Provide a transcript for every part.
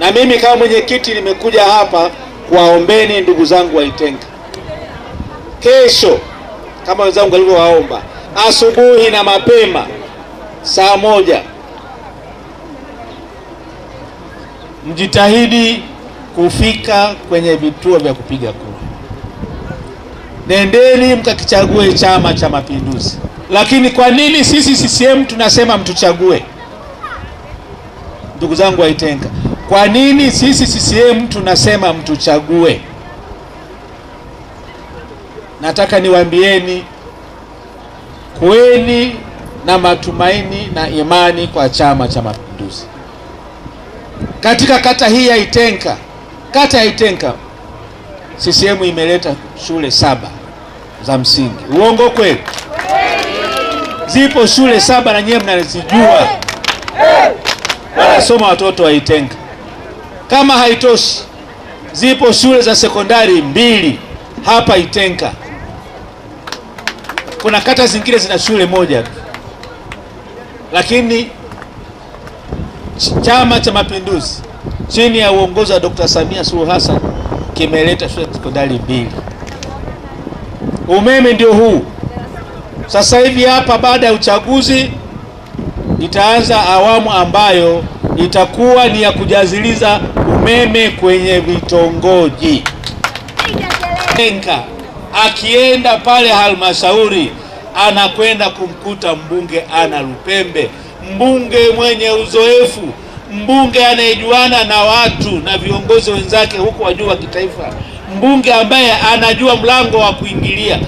Na mimi kama mwenyekiti nimekuja hapa kuwaombeni ndugu zangu wa Itenga, kesho kama wenzangu walivyowaomba asubuhi na mapema saa moja, mjitahidi kufika kwenye vituo vya kupiga kura. Nendeni mkakichague Chama cha Mapinduzi. Lakini kwa nini sisi CCM tunasema mtuchague? Ndugu zangu wa Itenga kwa nini sisi CCM tunasema mtuchague? Nataka niwaambieni kweni na matumaini na imani kwa Chama cha Mapinduzi. Katika kata hii ya Itenka, kata ya Itenka, CCM imeleta shule saba za msingi. Uongo kweli? Zipo shule saba na nyewe mnazijua, wanasoma watoto wa Itenka. Kama haitoshi, zipo shule za sekondari mbili hapa Itenka. Kuna kata zingine zina shule moja tu, lakini Chama cha Mapinduzi chini ya uongozi wa Dr. Samia Suluhu Hassan kimeleta shule za sekondari mbili. Umeme ndio huu sasa hivi hapa. Baada ya uchaguzi, itaanza awamu ambayo itakuwa ni ya kujaziliza umeme kwenye vitongoji. Akienda pale halmashauri anakwenda kumkuta mbunge ana Lupembe, mbunge mwenye uzoefu, mbunge anayejuana na watu na viongozi wenzake huku juu wa kitaifa, mbunge ambaye anajua mlango wa kuingilia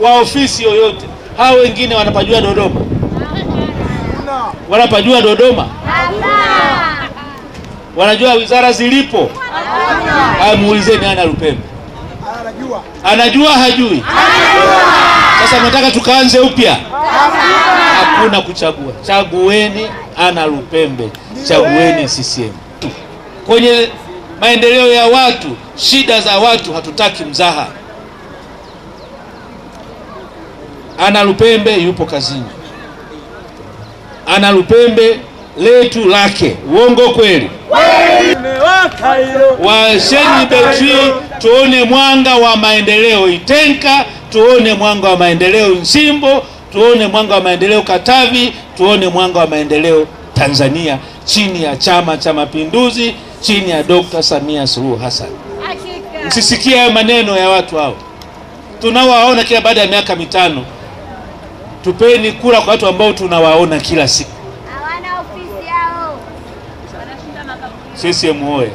wa ofisi yoyote. Hao wengine wanapajua Dodoma, wanapajua Dodoma wanajua wizara zilipo? Muulizeni Ana Lupembe, anajua hajui? Sasa nataka tukaanze upya. Hakuna kuchagua, chagueni Ana Lupembe, chagueni CCM kwenye maendeleo ya watu, shida za watu. Hatutaki mzaha. Ana Lupembe yupo kazini. Ana Lupembe letu lake. Uongo kweli? Washeni betri tuone mwanga wa maendeleo Itenka, tuone mwanga wa maendeleo Nsimbo, tuone mwanga wa maendeleo Katavi, tuone mwanga wa maendeleo Tanzania chini ya Chama cha Mapinduzi, chini ya Dr. Samia Suluhu Hassan. Msisikie hayo maneno ya watu hao tunawaona kila baada ya miaka mitano. Tupeni kura kwa watu ambao tunawaona kila siku. CCM oye!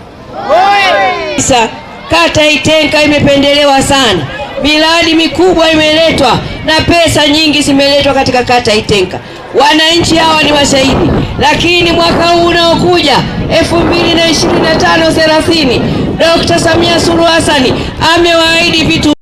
Kata Itenka imependelewa sana, miradi mikubwa imeletwa na pesa nyingi zimeletwa katika kata Itenka. Wananchi hawa ni mashahidi, lakini mwaka huu unaokuja 2025 30 Dr. Samia Suluhu Hassan amewaahidi vitu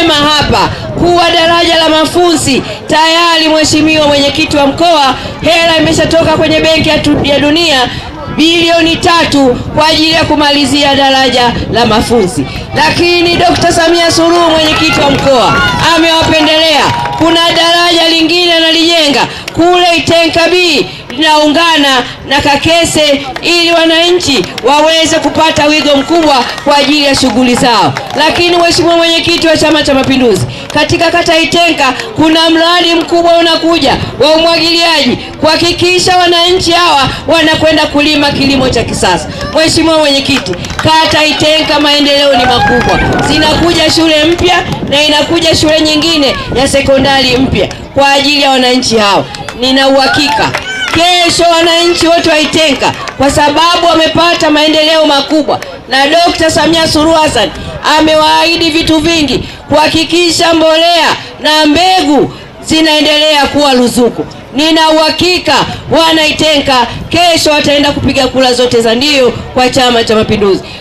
ema hapa kuwa daraja la mafunzi tayari. Mheshimiwa mwenyekiti wa mkoa, hela imeshatoka kwenye Benki ya Dunia bilioni tatu kwa ajili ya kumalizia daraja la mafunzi. Lakini Dkt. Samia Suluhu, mwenyekiti wa mkoa, amewapendelea kuna daraja lingine analijenga kule itenka b linaungana na Kakese ili wananchi waweze kupata wigo mkubwa kwa ajili ya shughuli zao. Lakini Mheshimiwa Mwenyekiti wa Chama cha Mapinduzi, katika kata Itenka kuna mradi mkubwa unakuja wa umwagiliaji kuhakikisha wananchi hawa wanakwenda kulima kilimo cha kisasa. Mheshimiwa Mwenyekiti, kata Itenka maendeleo ni makubwa, zinakuja shule mpya na inakuja shule nyingine ya sekondari mpya kwa ajili ya wananchi hawa nina uhakika kesho wananchi wote waitenga, kwa sababu wamepata maendeleo makubwa, na Dkt. Samia Suluhu Hassan amewaahidi vitu vingi kuhakikisha mbolea na mbegu zinaendelea kuwa ruzuku. Nina uhakika wanaitenga kesho wataenda kupiga kura zote za ndio kwa Chama cha Mapinduzi.